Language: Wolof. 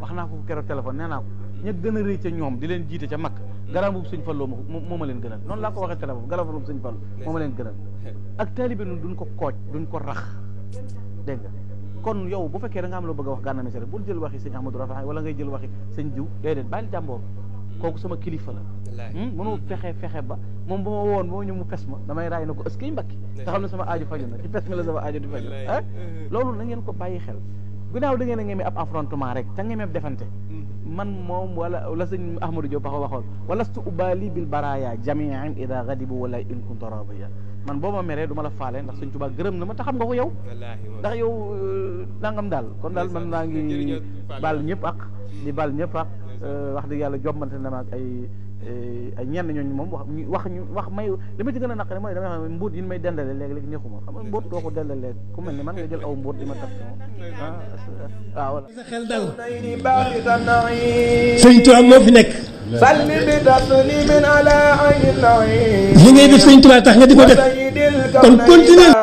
wax naa ko keroog téléphone nee naa ña gën a ca ñoom di leen jiite ca mag garab boobu sëñ Fallou moo ma leen gënal noonu laa ko waxee téléphone garab boobu sëñ Fallou moo ma leen gënal ak taalibe nun duñ ko kooj duñ ko rax dégg nga kon yow bu fekkee da nga am loo bëgg a wax gànna mesere bul jël waxi sëñ Amadou Rafa wala ngay jël waxi sëñ jiw déedéet bàyyil jàmboor kooku sama kilifa la hmm? mënu fexe fexe ba moom ba ma woon ba ma ñëw mu pes ma damay raay sama aajo faju na eh? na ngeen ko bàyyi xel ginnaaw da ngeen a ñeme ab affrontement rek te ñeme defante mm-hmm. man moom wala la sëñ Ahmadou Diop paxa waxoon wala su ubali bil baraya jamian ida gadibu wala in kuntu radiya man boo ma meree du ma la faale ndax sëñ Tuubaa gërëm na ma te xam nga ko yow ndax yow euh, nangam daal kon daal man naa ngi baal ñëpp ak di baal ñëpp ak Euh, wax dëgg yàlla jombante na ma ak ay ay ñenn ñooñu moom wax wax ñu wax may li ma ci gën a naqare mooy dama xam ne mbuut yi may dendale léegi-léegi neexu ma xam nga mbuut doo ko dendale ku mel ni man nga jël aw mbuut di ma tax ah, ah, waaw voilà sa xel dal sëñ Tuubaa moo fi nekk li ngay def sëñ Tuubaa tax nga di ko def kon continuer